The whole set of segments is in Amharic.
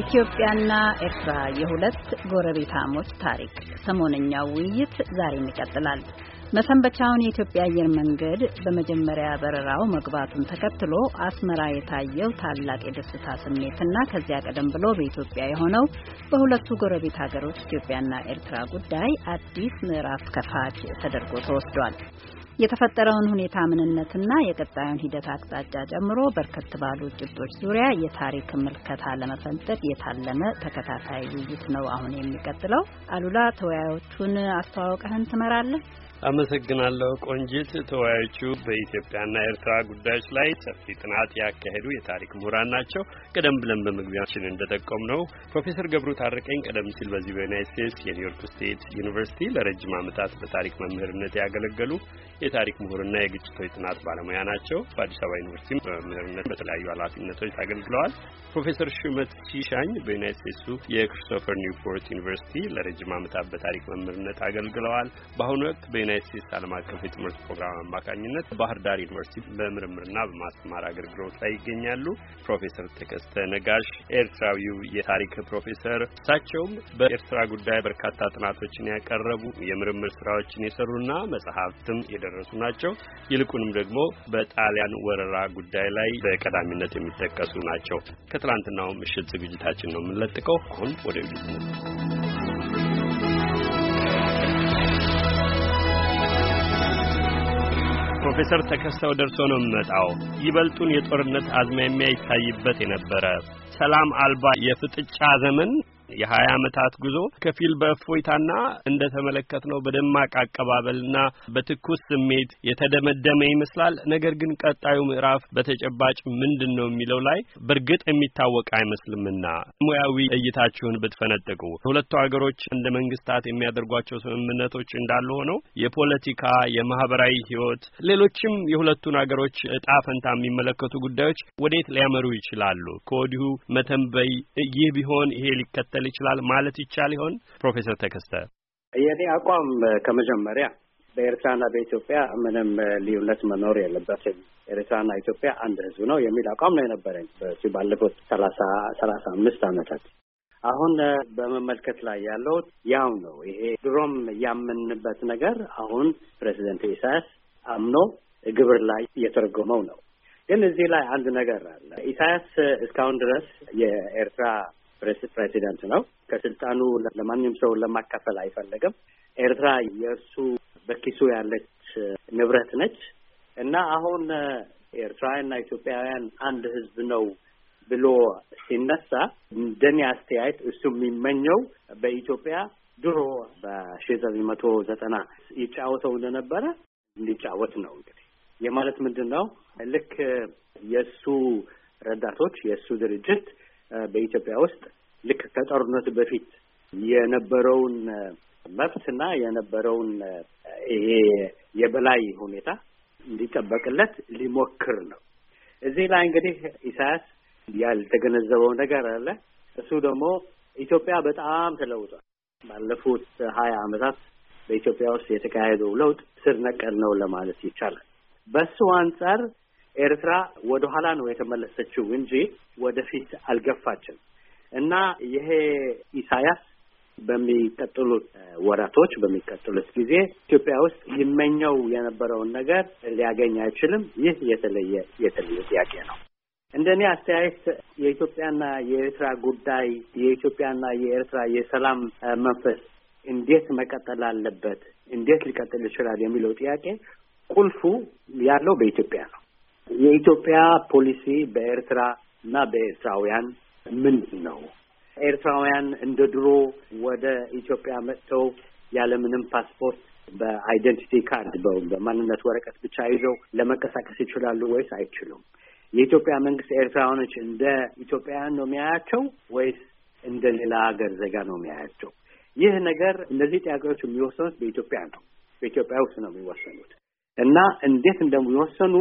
ኢትዮጵያና ኤርትራ የሁለት ጎረቤታሞች ታሪክ ሰሞነኛው ውይይት ዛሬም ይቀጥላል። መሰንበቻውን የኢትዮጵያ አየር መንገድ በመጀመሪያ በረራው መግባቱን ተከትሎ አስመራ የታየው ታላቅ የደስታ ስሜትና ከዚያ ቀደም ብሎ በኢትዮጵያ የሆነው በሁለቱ ጎረቤት ሀገሮች ኢትዮጵያና ኤርትራ ጉዳይ አዲስ ምዕራፍ ከፋች ተደርጎ ተወስዷል። የተፈጠረውን ሁኔታ ምንነትና የቀጣዩን ሂደት አቅጣጫ ጨምሮ በርከት ባሉ ጭብጦች ዙሪያ የታሪክ ምልከታ ለመፈንጠቅ የታለመ ተከታታይ ውይይት ነው አሁን የሚቀጥለው። አሉላ ተወያዮቹን አስተዋወቀህን ትመራለህ። አመሰግናለሁ ቆንጂት። ተወያዮቹ በኢትዮጵያና ኤርትራ ጉዳዮች ላይ ሰፊ ጥናት ያካሄዱ የታሪክ ምሁራን ናቸው። ቀደም ብለን በመግቢያችን እንደጠቆም ነው ፕሮፌሰር ገብሩ ታረቀኝ ቀደም ሲል በዚህ በዩናይት ስቴትስ የኒውዮርክ ስቴት ዩኒቨርሲቲ ለረጅም ዓመታት በታሪክ መምህርነት ያገለገሉ የታሪክ ምሁርና የግጭቶች ጥናት ባለሙያ ናቸው። በአዲስ አበባ ዩኒቨርሲቲ በመምህርነት በተለያዩ ኃላፊነቶች አገልግለዋል። ፕሮፌሰር ሹመት ሲሻኝ በዩናይት ስቴትሱ የክሪስቶፈር ኒውፖርት ዩኒቨርሲቲ ለረጅም ዓመታት በታሪክ መምህርነት አገልግለዋል። በአሁኑ ወቅት በዩናይት ስቴትስ ዓለም አቀፍ የትምህርት ፕሮግራም አማካኝነት ባህር ዳር ዩኒቨርሲቲ በምርምርና በማስተማር አገልግሎት ላይ ይገኛሉ። ፕሮፌሰር ተከስተ ነጋሽ ኤርትራዊው የታሪክ ፕሮፌሰር፣ እሳቸውም በኤርትራ ጉዳይ በርካታ ጥናቶችን ያቀረቡ የምርምር ስራዎችን የሰሩና መጽሐፍትም የደረሱ ናቸው። ይልቁንም ደግሞ በጣሊያን ወረራ ጉዳይ ላይ በቀዳሚነት የሚጠቀሱ ናቸው። ከትላንትናው ምሽት ዝግጅታችን ነው የምንለጥቀው። አሁን ወደ ውይይት ፕሮፌሰር ተከስተው ደርሶ ነው የምመጣው። ይበልጡን የጦርነት አዝማሚያ ይታይበት የነበረ ሰላም አልባ የፍጥጫ ዘመን የሀያ ዓመታት ጉዞ ከፊል በእፎይታና እንደ ተመለከት ነው በደማቅ አቀባበልና በትኩስ ስሜት የተደመደመ ይመስላል። ነገር ግን ቀጣዩ ምዕራፍ በተጨባጭ ምንድን ነው የሚለው ላይ በእርግጥ የሚታወቅ አይመስልምና ሙያዊ እይታችሁን ብትፈነጥቁ ሁለቱ ሀገሮች እንደ መንግስታት የሚያደርጓቸው ስምምነቶች እንዳሉ ሆነው የፖለቲካ የማህበራዊ ህይወት፣ ሌሎችም የሁለቱን ሀገሮች እጣ ፈንታ የሚመለከቱ ጉዳዮች ወዴት ሊያመሩ ይችላሉ? ከወዲሁ መተንበይ ይህ ቢሆን ይሄ ሊከተል ሊከተል ይችላል ማለት ይቻል ይሆን? ፕሮፌሰር ተከስተ የኔ አቋም ከመጀመሪያ በኤርትራና በኢትዮጵያ ምንም ልዩነት መኖር የለበትም። ኤርትራና ኢትዮጵያ አንድ ህዝብ ነው የሚል አቋም ነው የነበረኝ በዚህ ባለፉት ሰላሳ ሰላሳ አምስት አመታት አሁን በመመልከት ላይ ያለው ያው ነው። ይሄ ድሮም ያምንበት ነገር አሁን ፕሬዚደንት ኢሳያስ አምኖ ግብር ላይ እየተረጎመው ነው። ግን እዚህ ላይ አንድ ነገር አለ። ኢሳያስ እስካሁን ድረስ የኤርትራ ፕሬዚዳንት ነው። ከስልጣኑ ለማንም ሰው ለማካፈል አይፈለገም። ኤርትራ የእርሱ በኪሱ ያለች ንብረት ነች እና አሁን ኤርትራውያንና ኢትዮጵያውያን አንድ ህዝብ ነው ብሎ ሲነሳ እንደኔ አስተያየት እሱ የሚመኘው በኢትዮጵያ ድሮ በሺ ዘጠኝ መቶ ዘጠና ይጫወተው እንደነበረ እንዲጫወት ነው። እንግዲህ የማለት ምንድን ነው ልክ የእሱ ረዳቶች የእሱ ድርጅት በኢትዮጵያ ውስጥ ልክ ከጦርነቱ በፊት የነበረውን መብትና የነበረውን ይሄ የበላይ ሁኔታ እንዲጠበቅለት ሊሞክር ነው። እዚህ ላይ እንግዲህ ኢሳያስ ያልተገነዘበው ነገር አለ። እሱ ደግሞ ኢትዮጵያ በጣም ተለውጧል። ባለፉት ሀያ አመታት በኢትዮጵያ ውስጥ የተካሄደው ለውጥ ስር ነቀል ነው ለማለት ይቻላል። በሱ አንጻር ኤርትራ ወደ ኋላ ነው የተመለሰችው እንጂ ወደፊት አልገፋችም እና ይሄ ኢሳያስ በሚቀጥሉት ወራቶች በሚቀጥሉት ጊዜ ኢትዮጵያ ውስጥ ይመኘው የነበረውን ነገር ሊያገኝ አይችልም። ይህ የተለየ የተለየ ጥያቄ ነው። እንደ እኔ አስተያየት የኢትዮጵያና የኤርትራ ጉዳይ የኢትዮጵያና የኤርትራ የሰላም መንፈስ እንዴት መቀጠል አለበት፣ እንዴት ሊቀጥል ይችላል የሚለው ጥያቄ ቁልፉ ያለው በኢትዮጵያ ነው። የኢትዮጵያ ፖሊሲ በኤርትራ እና በኤርትራውያን ምንድን ነው? ኤርትራውያን እንደ ድሮ ወደ ኢትዮጵያ መጥተው ያለምንም ፓስፖርት በአይደንቲቲ ካርድ በማንነት ወረቀት ብቻ ይዘው ለመንቀሳቀስ ይችላሉ ወይስ አይችሉም? የኢትዮጵያ መንግስት ኤርትራውያኖች እንደ ኢትዮጵያውያን ነው የሚያያቸው ወይስ እንደ ሌላ ሀገር ዜጋ ነው የሚያያቸው? ይህ ነገር እነዚህ ጥያቄዎች የሚወሰኑት በኢትዮጵያ ነው፣ በኢትዮጵያ ውስጥ ነው የሚወሰኑት እና እንዴት እንደሚወሰኑ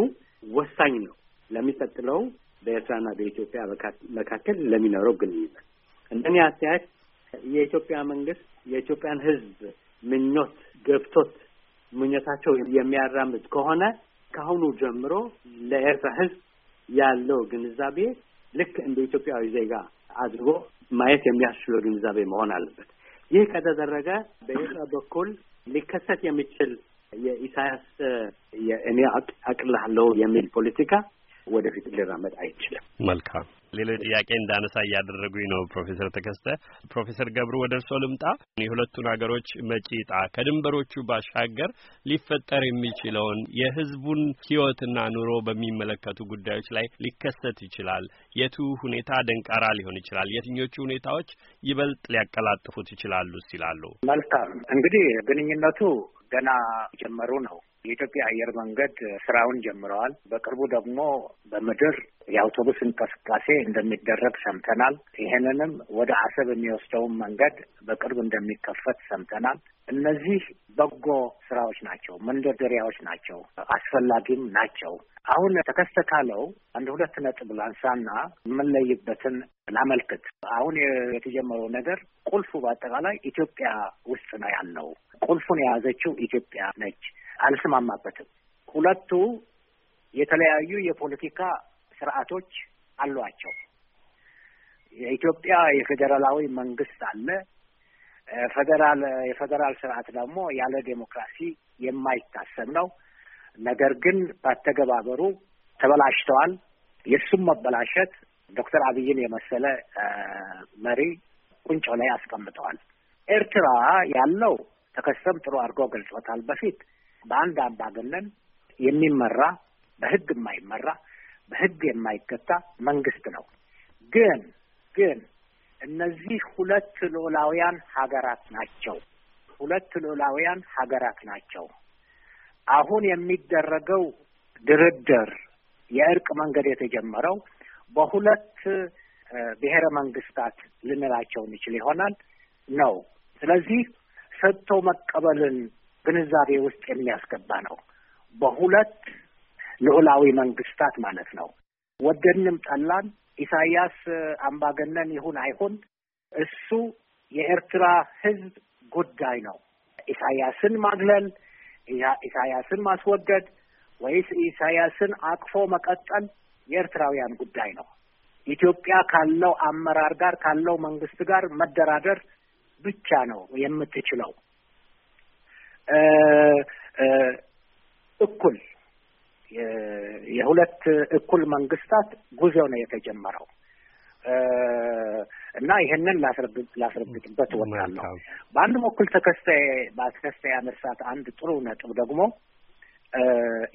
ወሳኝ ነው ለሚቀጥለው በኤርትራና በኢትዮጵያ መካከል ለሚኖረው ግንኙነት። እንደኔ አስተያየት የኢትዮጵያ መንግስት የኢትዮጵያን ሕዝብ ምኞት ገብቶት ምኞታቸው የሚያራምድ ከሆነ ከአሁኑ ጀምሮ ለኤርትራ ሕዝብ ያለው ግንዛቤ ልክ እንደ ኢትዮጵያዊ ዜጋ አድርጎ ማየት የሚያስችለው ግንዛቤ መሆን አለበት። ይህ ከተደረገ በኤርትራ በኩል ሊከሰት የሚችል የኢሳያስ የእኔ አቅልሃለሁ የሚል ፖለቲካ ወደፊት ሊራመድ አይችልም። መልካም ሌሎች ጥያቄ እንዳነሳ እያደረጉኝ ነው ፕሮፌሰር ተከስተ። ፕሮፌሰር ገብሩ ወደ እርስዎ ልምጣ። የሁለቱን ሀገሮች መጪ ዕጣ ከድንበሮቹ ባሻገር ሊፈጠር የሚችለውን የሕዝቡን ሕይወትና ኑሮ በሚመለከቱ ጉዳዮች ላይ ሊከሰት ይችላል። የቱ ሁኔታ ደንቃራ ሊሆን ይችላል? የትኞቹ ሁኔታዎች ይበልጥ ሊያቀላጥፉት ይችላሉ? ሲላሉ መልካም እንግዲህ ግንኙነቱ ገና ጀመሩ ነው። የኢትዮጵያ አየር መንገድ ስራውን ጀምረዋል። በቅርቡ ደግሞ በምድር የአውቶቡስ እንቅስቃሴ እንደሚደረግ ሰምተናል። ይህንንም ወደ አሰብ የሚወስደውን መንገድ በቅርብ እንደሚከፈት ሰምተናል። እነዚህ በጎ ስራዎች ናቸው፣ መንደርደሪያዎች ናቸው፣ አስፈላጊም ናቸው። አሁን ተከስተ ካለው አንድ ሁለት ነጥብ ላንሳና የምንለይበትን ላመልክት። አሁን የተጀመረው ነገር ቁልፉ በአጠቃላይ ኢትዮጵያ ውስጥ ነው ያለው። ቁልፉን የያዘችው ኢትዮጵያ ነች። አልስማማበትም። ሁለቱ የተለያዩ የፖለቲካ ስርዓቶች አሏቸው። የኢትዮጵያ የፌዴራላዊ መንግስት አለ። ፌዴራል የፌዴራል ስርዓት ደግሞ ያለ ዴሞክራሲ የማይታሰብ ነው። ነገር ግን ባተገባበሩ ተበላሽተዋል። የእሱም መበላሸት ዶክተር አብይን የመሰለ መሪ ቁንጮ ላይ አስቀምጠዋል። ኤርትራ ያለው ተከሰም ጥሩ አድርጎ ገልጾታል በፊት በአንድ አምባገነን የሚመራ በህግ የማይመራ በህግ የማይገታ መንግስት ነው። ግን ግን እነዚህ ሁለት ሎላውያን ሀገራት ናቸው። ሁለት ሎላውያን ሀገራት ናቸው። አሁን የሚደረገው ድርድር የእርቅ መንገድ የተጀመረው በሁለት ብሔረ መንግስታት ልንላቸው እንችል ይሆናል ነው። ስለዚህ ሰጥቶ መቀበልን ግንዛቤ ውስጥ የሚያስገባ ነው። በሁለት ልዑላዊ መንግስታት ማለት ነው። ወደንም ጠላን ኢሳያስ አምባገነን ይሁን አይሁን እሱ የኤርትራ ሕዝብ ጉዳይ ነው። ኢሳያስን ማግለል፣ ኢሳያስን ማስወገድ ወይስ ኢሳያስን አቅፎ መቀጠል የኤርትራውያን ጉዳይ ነው። ኢትዮጵያ ካለው አመራር ጋር ካለው መንግስት ጋር መደራደር ብቻ ነው የምትችለው። እኩል የሁለት እኩል መንግስታት ጉዞ ነው የተጀመረው እና ይህንን ላስረግጥበት እወዳለሁ። በአንድ በኩል ተከስተ ያነሳት አንድ ጥሩ ነጥብ ደግሞ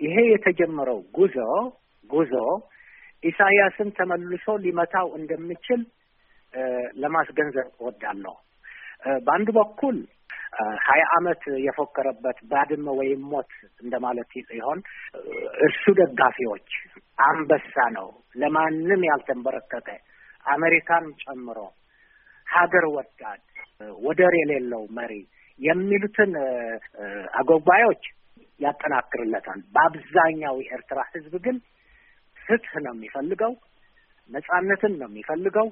ይሄ የተጀመረው ጉዞ ጉዞ ኢሳያስን ተመልሶ ሊመታው እንደሚችል ለማስገንዘብ እወዳለሁ። በአንድ በኩል ሀያ አመት የፎከረበት ባድመ ወይም ሞት እንደማለት ሲሆን እርሱ ደጋፊዎች አንበሳ ነው፣ ለማንም ያልተንበረከከ አሜሪካን ጨምሮ ሀገር ወዳድ ወደር የሌለው መሪ የሚሉትን አጎባዮች ያጠናክርለታል። በአብዛኛው የኤርትራ ህዝብ ግን ፍትህ ነው የሚፈልገው፣ ነጻነትን ነው የሚፈልገው፣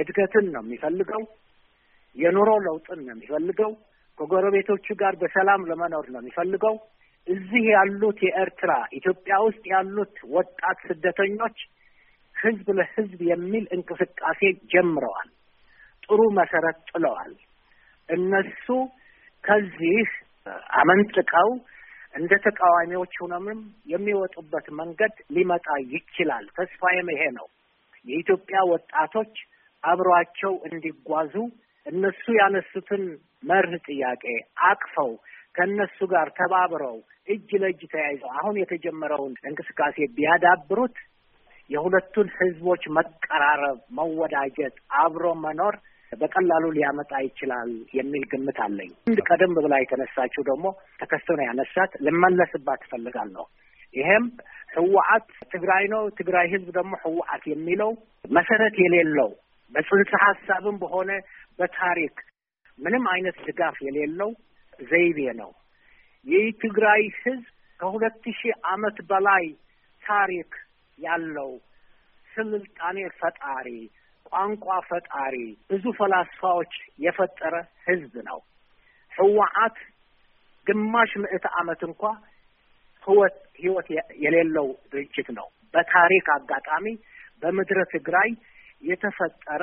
እድገትን ነው የሚፈልገው የኑሮ ለውጥን ነው የሚፈልገው። ከጎረቤቶቹ ጋር በሰላም ለመኖር ነው የሚፈልገው። እዚህ ያሉት የኤርትራ ኢትዮጵያ ውስጥ ያሉት ወጣት ስደተኞች ህዝብ ለህዝብ የሚል እንቅስቃሴ ጀምረዋል። ጥሩ መሰረት ጥለዋል። እነሱ ከዚህ አመንጥቀው እንደ ተቃዋሚዎች ሆነምም የሚወጡበት መንገድ ሊመጣ ይችላል። ተስፋዬም ይሄ ነው። የኢትዮጵያ ወጣቶች አብሯቸው እንዲጓዙ እነሱ ያነሱትን መርህ ጥያቄ አቅፈው ከእነሱ ጋር ተባብረው እጅ ለእጅ ተያይዘው አሁን የተጀመረውን እንቅስቃሴ ቢያዳብሩት የሁለቱን ህዝቦች መቀራረብ፣ መወዳጀት፣ አብሮ መኖር በቀላሉ ሊያመጣ ይችላል የሚል ግምት አለኝ። እንድ ቀደም ብላ የተነሳችው ደግሞ ተከስቶ ነው ያነሳት ልመለስባት እፈልጋለሁ። ይሄም ህወሓት ትግራይ ነው፣ ትግራይ ህዝብ ደግሞ ህወሓት የሚለው መሰረት የሌለው በጽንሰ ሀሳብም በሆነ በታሪክ ምንም አይነት ድጋፍ የሌለው ዘይቤ ነው። የትግራይ ህዝብ ከሁለት ሺህ አመት በላይ ታሪክ ያለው ስልጣኔ ፈጣሪ፣ ቋንቋ ፈጣሪ፣ ብዙ ፈላስፋዎች የፈጠረ ህዝብ ነው። ህወሓት ግማሽ ምዕተ ዓመት እንኳ ህይወት ህይወት የሌለው ድርጅት ነው። በታሪክ አጋጣሚ በምድረ ትግራይ የተፈጠረ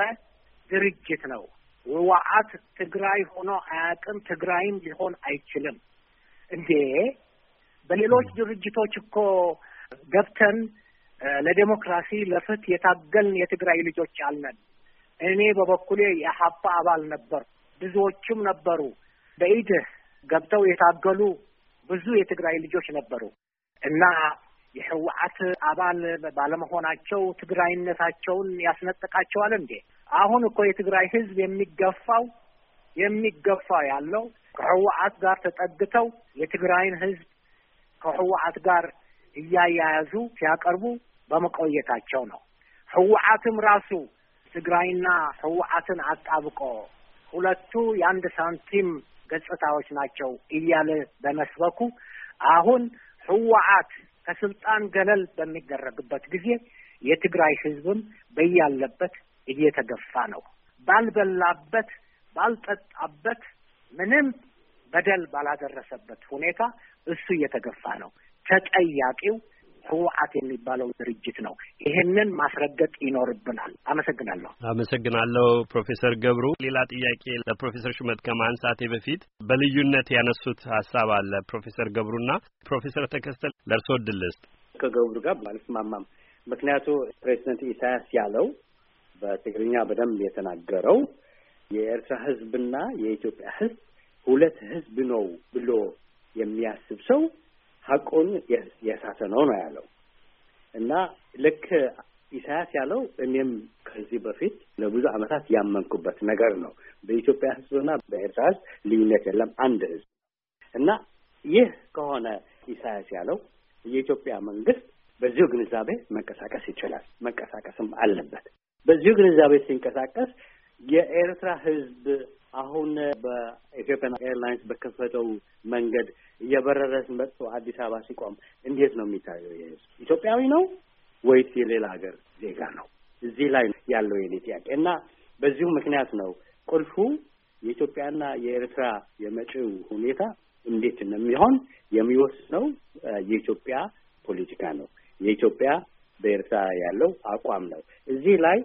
ድርጅት ነው። ህወሓት ትግራይ ሆኖ አያውቅም፣ ትግራይም ሊሆን አይችልም። እንዴ በሌሎች ድርጅቶች እኮ ገብተን ለዴሞክራሲ ለፍትህ የታገልን የትግራይ ልጆች አልነን። እኔ በበኩሌ የሀባ አባል ነበር፣ ብዙዎችም ነበሩ። በኢድህ ገብተው የታገሉ ብዙ የትግራይ ልጆች ነበሩ እና የህወሓት አባል ባለመሆናቸው ትግራይነታቸውን ያስነጥቃቸዋል እንዴ? አሁን እኮ የትግራይ ህዝብ የሚገፋው የሚገፋ ያለው ከህወሓት ጋር ተጠግተው የትግራይን ህዝብ ከህወሓት ጋር እያያያዙ ሲያቀርቡ በመቆየታቸው ነው። ህወሓትም ራሱ ትግራይና ህወሓትን አጣብቆ ሁለቱ የአንድ ሳንቲም ገጽታዎች ናቸው እያለ በመስበኩ አሁን ህወሓት ከስልጣን ገለል በሚደረግበት ጊዜ የትግራይ ህዝብም በያለበት እየተገፋ ነው። ባልበላበት፣ ባልጠጣበት፣ ምንም በደል ባላደረሰበት ሁኔታ እሱ እየተገፋ ነው። ተጠያቂው ህወሓት የሚባለው ድርጅት ነው። ይሄንን ማስረገጥ ይኖርብናል። አመሰግናለሁ። አመሰግናለሁ ፕሮፌሰር ገብሩ። ሌላ ጥያቄ ለፕሮፌሰር ሹመት ከማንሳቴ በፊት በልዩነት ያነሱት ሀሳብ አለ ፕሮፌሰር ገብሩና ፕሮፌሰር ተከስተል ለእርስዎ ድል ከገብሩ ጋር ባልስማማም፣ ምክንያቱ ፕሬዚደንት ኢሳያስ ያለው በትግርኛ በደንብ የተናገረው የኤርትራ ህዝብና የኢትዮጵያ ህዝብ ሁለት ህዝብ ነው ብሎ የሚያስብ ሰው ሀቁን የሳተ ነው ነው ያለው እና ልክ ኢሳያስ ያለው እኔም ከዚህ በፊት ለብዙ ዓመታት ያመንኩበት ነገር ነው። በኢትዮጵያ ህዝብና በኤርትራ ህዝብ ልዩነት የለም፣ አንድ ህዝብ እና ይህ ከሆነ ኢሳያስ ያለው የኢትዮጵያ መንግስት በዚሁ ግንዛቤ መንቀሳቀስ ይችላል፣ መንቀሳቀስም አለበት። በዚሁ ግንዛቤ ሲንቀሳቀስ የኤርትራ ህዝብ አሁን በኢትዮጵያን ኤርላይንስ በከፈተው መንገድ እየበረረ መጥቶ አዲስ አበባ ሲቆም እንዴት ነው የሚታየው? የህዝብ ኢትዮጵያዊ ነው ወይስ የሌላ ሀገር ዜጋ ነው? እዚህ ላይ ያለው የኔ ጥያቄ እና በዚሁ ምክንያት ነው ቁልፉ የኢትዮጵያና የኤርትራ የመጪው ሁኔታ እንዴት ነው የሚሆን የሚወስነው የኢትዮጵያ ፖለቲካ ነው። የኢትዮጵያ በኤርትራ ያለው አቋም ነው። እዚህ ላይ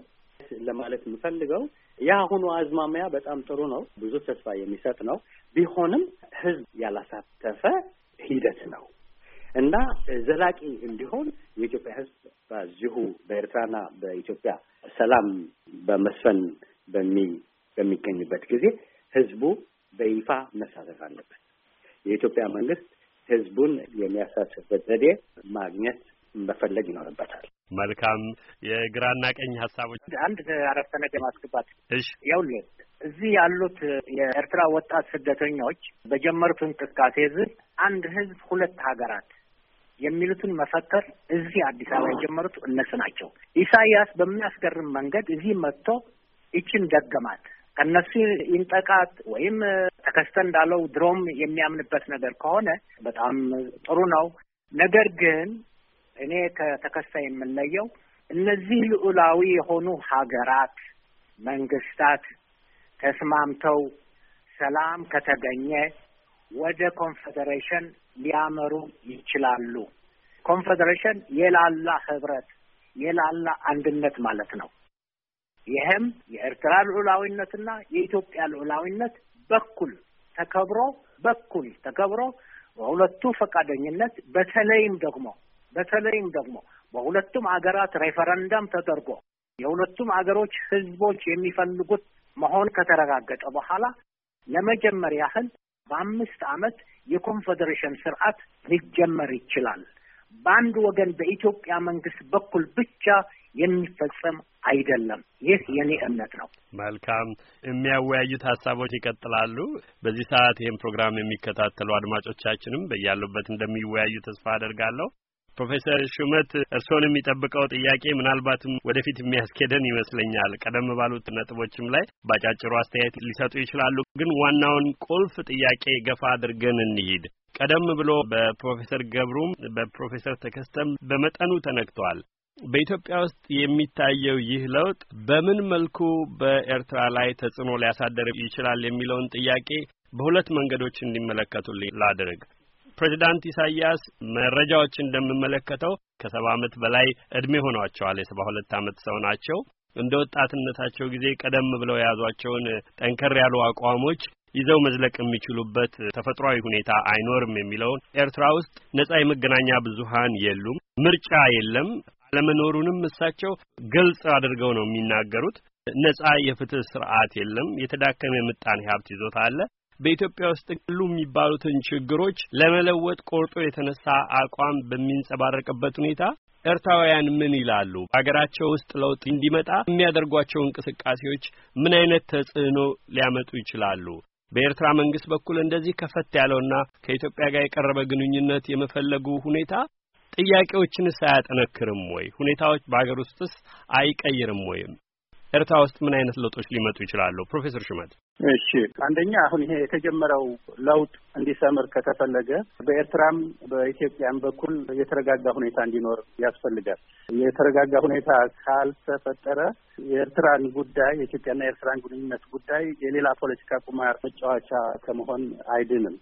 ለማለት የምፈልገው ያ አሁኑ አዝማሚያ በጣም ጥሩ ነው፣ ብዙ ተስፋ የሚሰጥ ነው። ቢሆንም ህዝብ ያላሳተፈ ሂደት ነው እና ዘላቂ እንዲሆን የኢትዮጵያ ህዝብ በዚሁ በኤርትራና በኢትዮጵያ ሰላም በመስፈን በሚ በሚገኝበት ጊዜ ህዝቡ በይፋ መሳተፍ አለበት። የኢትዮጵያ መንግስት ህዝቡን የሚያሳትፍበት ዘዴ ማግኘት መፈለግ ይኖርበታል። መልካም የግራና ቀኝ ሀሳቦች አንድ አረፍተ ነገር ማስገባት እሺ ያውል እዚህ ያሉት የኤርትራ ወጣት ስደተኞች በጀመሩት እንቅስቃሴ ዝብ አንድ ህዝብ ሁለት ሀገራት የሚሉትን መፈተር እዚህ አዲስ አበባ የጀመሩት እነሱ ናቸው። ኢሳያስ በሚያስገርም መንገድ እዚህ መጥቶ ይችን ደገማት። ከእነሱ ይንጠቃት ወይም ተከስተ እንዳለው ድሮም የሚያምንበት ነገር ከሆነ በጣም ጥሩ ነው። ነገር ግን እኔ ከተከሳይ የምለየው እነዚህ ልዑላዊ የሆኑ ሀገራት መንግስታት ተስማምተው ሰላም ከተገኘ ወደ ኮንፌዴሬሽን ሊያመሩ ይችላሉ። ኮንፌዴሬሽን የላላ ህብረት፣ የላላ አንድነት ማለት ነው። ይህም የኤርትራ ልዑላዊነትና የኢትዮጵያ ልዑላዊነት በኩል ተከብሮ በኩል ተከብሮ በሁለቱ ፈቃደኝነት በተለይም ደግሞ በተለይም ደግሞ በሁለቱም አገራት ሬፈረንደም ተደርጎ የሁለቱም አገሮች ህዝቦች የሚፈልጉት መሆን ከተረጋገጠ በኋላ ለመጀመር ያህል በአምስት ዓመት የኮንፌዴሬሽን ስርዓት ሊጀመር ይችላል። በአንድ ወገን በኢትዮጵያ መንግስት በኩል ብቻ የሚፈጸም አይደለም። ይህ የኔ እምነት ነው። መልካም የሚያወያዩት ሀሳቦች ይቀጥላሉ። በዚህ ሰዓት ይህን ፕሮግራም የሚከታተሉ አድማጮቻችንም በያሉበት እንደሚወያዩ ተስፋ አደርጋለሁ። ፕሮፌሰር ሹመት እርስዎን የሚጠብቀው ጥያቄ ምናልባትም ወደፊት የሚያስኬደን ይመስለኛል። ቀደም ባሉት ነጥቦችም ላይ ባጫጭሩ አስተያየት ሊሰጡ ይችላሉ። ግን ዋናውን ቁልፍ ጥያቄ ገፋ አድርገን እንሂድ። ቀደም ብሎ በፕሮፌሰር ገብሩም በፕሮፌሰር ተከስተም በመጠኑ ተነክቷል። በኢትዮጵያ ውስጥ የሚታየው ይህ ለውጥ በምን መልኩ በኤርትራ ላይ ተጽዕኖ ሊያሳደር ይችላል የሚለውን ጥያቄ በሁለት መንገዶች እንዲመለከቱልኝ ላድርግ። ፕሬዚዳንት ኢሳያስ መረጃዎች እንደምመለከተው ከሰባ ዓመት በላይ እድሜ ሆኗቸዋል። የሰባ ሁለት አመት ሰው ናቸው። እንደ ወጣትነታቸው ጊዜ ቀደም ብለው የያዟቸውን ጠንከር ያሉ አቋሞች ይዘው መዝለቅ የሚችሉበት ተፈጥሯዊ ሁኔታ አይኖርም የሚለውን ኤርትራ ውስጥ ነጻ የመገናኛ ብዙሃን የሉም፣ ምርጫ የለም። አለመኖሩንም እሳቸው ግልጽ አድርገው ነው የሚናገሩት። ነጻ የፍትህ ስርዓት የለም። የተዳከመ የምጣኔ ሀብት ይዞታ አለ። በኢትዮጵያ ውስጥ ያሉ የሚባሉትን ችግሮች ለመለወጥ ቆርጦ የተነሳ አቋም በሚንጸባረቅበት ሁኔታ ኤርትራውያን ምን ይላሉ? ሀገራቸው ውስጥ ለውጥ እንዲመጣ የሚያደርጓቸው እንቅስቃሴዎች ምን አይነት ተጽዕኖ ሊያመጡ ይችላሉ? በኤርትራ መንግስት በኩል እንደዚህ ከፈት ያለውና ከኢትዮጵያ ጋር የቀረበ ግንኙነት የመፈለጉ ሁኔታ ጥያቄዎችንስ አያጠነክርም ወይ? ሁኔታዎች በሀገር ውስጥስ አይቀይርም ወይም ኤርትራ ውስጥ ምን አይነት ለውጦች ሊመጡ ይችላሉ? ፕሮፌሰር ሹመት እሺ አንደኛ አሁን ይሄ የተጀመረው ለውጥ እንዲሰምር ከተፈለገ በኤርትራም በኢትዮጵያም በኩል የተረጋጋ ሁኔታ እንዲኖር ያስፈልጋል። የተረጋጋ ሁኔታ ካልተፈጠረ የኤርትራን ጉዳይ የኢትዮጵያና የኤርትራን ግንኙነት ጉዳይ የሌላ ፖለቲካ ቁማር መጫወቻ ከመሆን አይድንም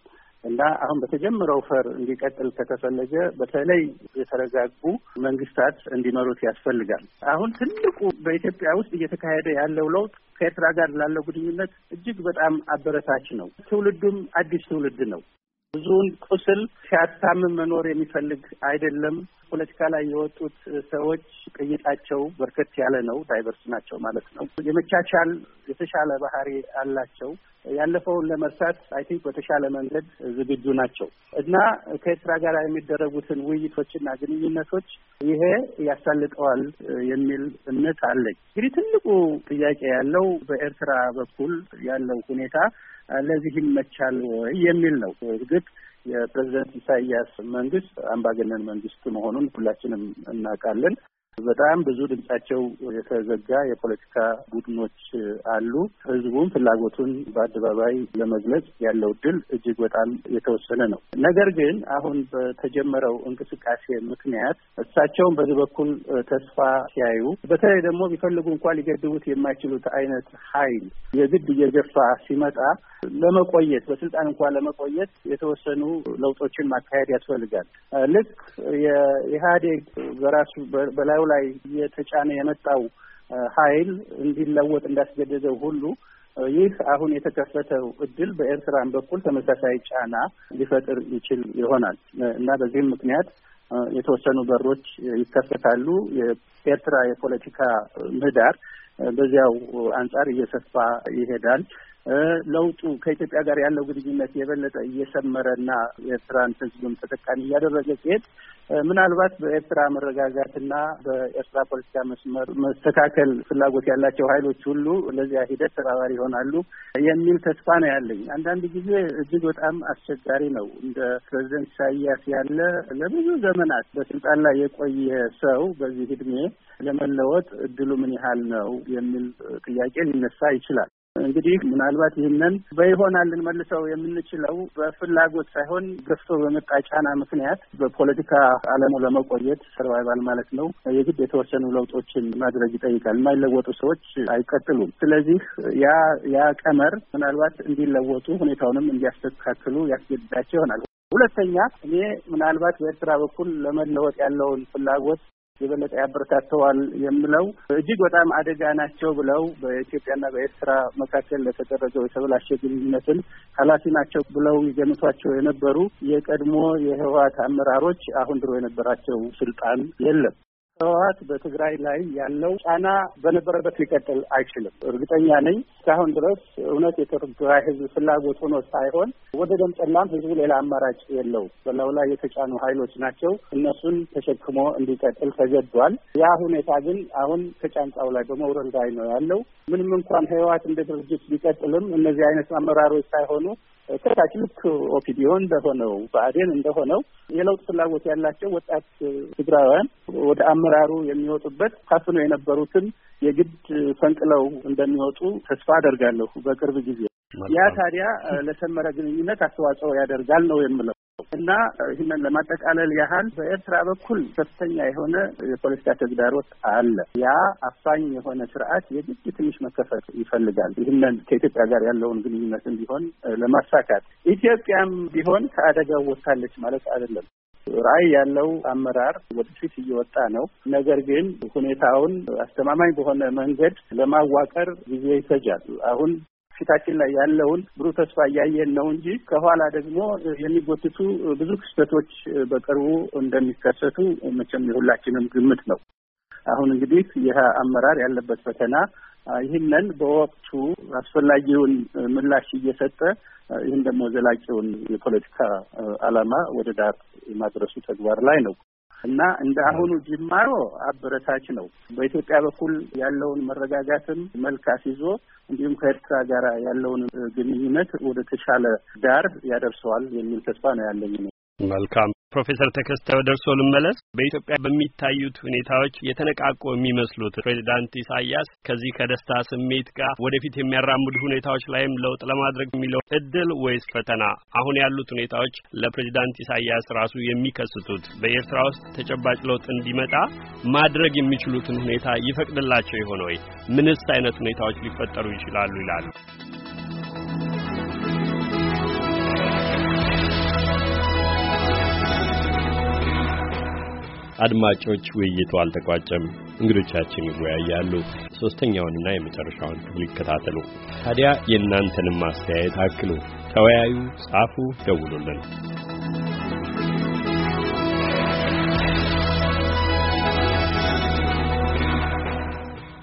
እና አሁን በተጀመረው ፈር እንዲቀጥል ከተፈለገ በተለይ የተረጋጉ መንግስታት እንዲመሩት ያስፈልጋል። አሁን ትልቁ በኢትዮጵያ ውስጥ እየተካሄደ ያለው ለውጥ ከኤርትራ ጋር ላለው ግንኙነት እጅግ በጣም አበረታች ነው። ትውልዱም አዲስ ትውልድ ነው። ብዙውን ቁስል ሲያስታምም መኖር የሚፈልግ አይደለም። ፖለቲካ ላይ የወጡት ሰዎች ቅይጣቸው በርከት ያለ ነው። ዳይቨርስ ናቸው ማለት ነው። የመቻቻል የተሻለ ባህሪ አላቸው። ያለፈውን ለመርሳት አይ ቲንክ በተሻለ መንገድ ዝግጁ ናቸው እና ከኤርትራ ጋር የሚደረጉትን ውይይቶችና ግንኙነቶች ይሄ ያሳልጠዋል የሚል እምነት አለኝ። እንግዲህ ትልቁ ጥያቄ ያለው በኤርትራ በኩል ያለው ሁኔታ ለዚህ ይመቻል ወይ የሚል ነው። እርግጥ የፕሬዚደንት ኢሳያስ መንግስት አምባገነን መንግስት መሆኑን ሁላችንም እናውቃለን። በጣም ብዙ ድምጻቸው የተዘጋ የፖለቲካ ቡድኖች አሉ። ህዝቡም ፍላጎቱን በአደባባይ ለመግለጽ ያለው ድል እጅግ በጣም የተወሰነ ነው። ነገር ግን አሁን በተጀመረው እንቅስቃሴ ምክንያት እሳቸውም በዚህ በኩል ተስፋ ሲያዩ፣ በተለይ ደግሞ ቢፈልጉ እንኳን ሊገድቡት የማይችሉት አይነት ኃይል የግድ እየገፋ ሲመጣ ለመቆየት በስልጣን እንኳን ለመቆየት የተወሰኑ ለውጦችን ማካሄድ ያስፈልጋል። ልክ የኢህአዴግ በራሱ በላይ በሰው ላይ እየተጫነ የመጣው ኃይል እንዲለወጥ እንዳስገደደው ሁሉ ይህ አሁን የተከፈተው እድል በኤርትራን በኩል ተመሳሳይ ጫና ሊፈጥር ይችል ይሆናል እና በዚህም ምክንያት የተወሰኑ በሮች ይከፈታሉ። የኤርትራ የፖለቲካ ምህዳር በዚያው አንጻር እየሰፋ ይሄዳል። ለውጡ ከኢትዮጵያ ጋር ያለው ግንኙነት የበለጠ እየሰመረና ኤርትራን ሕዝብም ተጠቃሚ እያደረገ ሲሄድ ምናልባት በኤርትራ መረጋጋትና በኤርትራ ፖለቲካ መስመር መስተካከል ፍላጎት ያላቸው ኃይሎች ሁሉ ለዚያ ሂደት ተባባሪ ይሆናሉ የሚል ተስፋ ነው ያለኝ። አንዳንድ ጊዜ እጅግ በጣም አስቸጋሪ ነው። እንደ ፕሬዚደንት ኢሳያስ ያለ ለብዙ ዘመናት በስልጣን ላይ የቆየ ሰው በዚህ እድሜ ለመለወጥ እድሉ ምን ያህል ነው የሚል ጥያቄ ሊነሳ ይችላል። እንግዲህ ምናልባት ይህንን በይሆናል ልንመልሰው የምንችለው በፍላጎት ሳይሆን ገፍቶ በመጣ ጫና ምክንያት በፖለቲካ ዓለሙ ለመቆየት ሰርቫይቫል ማለት ነው የግድ የተወሰኑ ለውጦችን ማድረግ ይጠይቃል። የማይለወጡ ሰዎች አይቀጥሉም። ስለዚህ ያ ያ ቀመር ምናልባት እንዲለወጡ ሁኔታውንም እንዲያስተካክሉ ያስገድዳቸው ይሆናል። ሁለተኛ እኔ ምናልባት በኤርትራ በኩል ለመለወጥ ያለውን ፍላጎት የበለጠ ያበረታተዋል የምለው እጅግ በጣም አደጋ ናቸው ብለው በኢትዮጵያና በኤርትራ መካከል ለተደረገው የተበላሸ ግንኙነትን ኃላፊ ናቸው ብለው ይገምቷቸው የነበሩ የቀድሞ የህወሀት አመራሮች አሁን ድሮ የነበራቸው ስልጣን የለም። ህወሀት በትግራይ ላይ ያለው ጫና በነበረበት ሊቀጥል አይችልም። እርግጠኛ ነኝ። እስካሁን ድረስ እውነት የትግራይ ህዝብ ፍላጎት ሆኖ ሳይሆን ወደ ደምጠላም ህዝቡ ሌላ አማራጭ የለው። በላዩ ላይ የተጫኑ ሀይሎች ናቸው። እነሱን ተሸክሞ እንዲቀጥል ተገዷል። ያ ሁኔታ ግን አሁን ከጫንቃው ላይ በመውረድ ላይ ነው ያለው። ምንም እንኳን ህወሀት እንደ ድርጅት ቢቀጥልም እነዚህ አይነት አመራሮች ሳይሆኑ ከታች ልክ ኦፒዲዮ እንደሆነው ብአዴን እንደሆነው የለውጥ ፍላጎት ያላቸው ወጣት ትግራውያን ወደ አመራሩ የሚወጡበት ታፍኖ የነበሩትን የግድ ፈንቅለው እንደሚወጡ ተስፋ አደርጋለሁ በቅርብ ጊዜ። ያ ታዲያ ለሰመረ ግንኙነት አስተዋጽኦ ያደርጋል ነው የምለው። እና ይህንን ለማጠቃለል ያህል በኤርትራ በኩል ከፍተኛ የሆነ የፖለቲካ ተግዳሮት አለ። ያ አፋኝ የሆነ ስርዓት የግድ ትንሽ መከፈት ይፈልጋል። ይህንን ከኢትዮጵያ ጋር ያለውን ግንኙነትን ቢሆን ለማሳካት ኢትዮጵያም ቢሆን ከአደጋው ወጥታለች ማለት አይደለም። ራዕይ ያለው አመራር ወደፊት እየወጣ ነው። ነገር ግን ሁኔታውን አስተማማኝ በሆነ መንገድ ለማዋቀር ጊዜ ይፈጃል። አሁን ፊታችን ላይ ያለውን ብሩህ ተስፋ እያየን ነው እንጂ ከኋላ ደግሞ የሚጎትቱ ብዙ ክስተቶች በቅርቡ እንደሚከሰቱ መቼም የሁላችንም ግምት ነው። አሁን እንግዲህ ይህ አመራር ያለበት ፈተና ይህንን በወቅቱ አስፈላጊውን ምላሽ እየሰጠ ይህን ደግሞ ዘላቂውን የፖለቲካ ዓላማ ወደ ዳር የማድረሱ ተግባር ላይ ነው እና እንደ አሁኑ ጅማሮ አበረታች ነው። በኢትዮጵያ በኩል ያለውን መረጋጋትን መልክ አስይዞ እንዲሁም ከኤርትራ ጋር ያለውን ግንኙነት ወደ ተሻለ ዳር ያደርሰዋል የሚል ተስፋ ነው ያለኝ። መልካም ፕሮፌሰር ተከስተ ደርሶ ልመለስ። በኢትዮጵያ በሚታዩት ሁኔታዎች የተነቃቁ የሚመስሉት ፕሬዚዳንት ኢሳያስ ከዚህ ከደስታ ስሜት ጋር ወደፊት የሚያራምዱ ሁኔታዎች ላይም ለውጥ ለማድረግ የሚለው እድል ወይስ ፈተና? አሁን ያሉት ሁኔታዎች ለፕሬዚዳንት ኢሳያስ ራሱ የሚከስቱት በኤርትራ ውስጥ ተጨባጭ ለውጥ እንዲመጣ ማድረግ የሚችሉትን ሁኔታ ይፈቅድላቸው ይሆን ወይ? ምንስ አይነት ሁኔታዎች ሊፈጠሩ ይችላሉ ይላሉ? አድማጮች፣ ውይይቱ አልተቋጨም። እንግዶቻችን ይወያያሉ። ሶስተኛውንና የመጨረሻውን ክፍል ይከታተሉ። ታዲያ የእናንተንም አስተያየት አክሉ፣ ተወያዩ፣ ጻፉ፣ ደውሉልን።